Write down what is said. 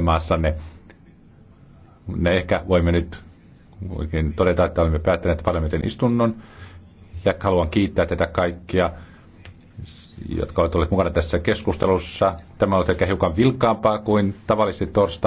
maassanne. Ne ehkä voimme nyt oikein todeta, että olemme päättäneet parlamentin istunnon ja haluan kiittää tätä kaikkia, jotka ovat olleet mukana tässä keskustelussa. Tämä on ehkä hiukan vilkkaampaa kuin tavallisesti torstai.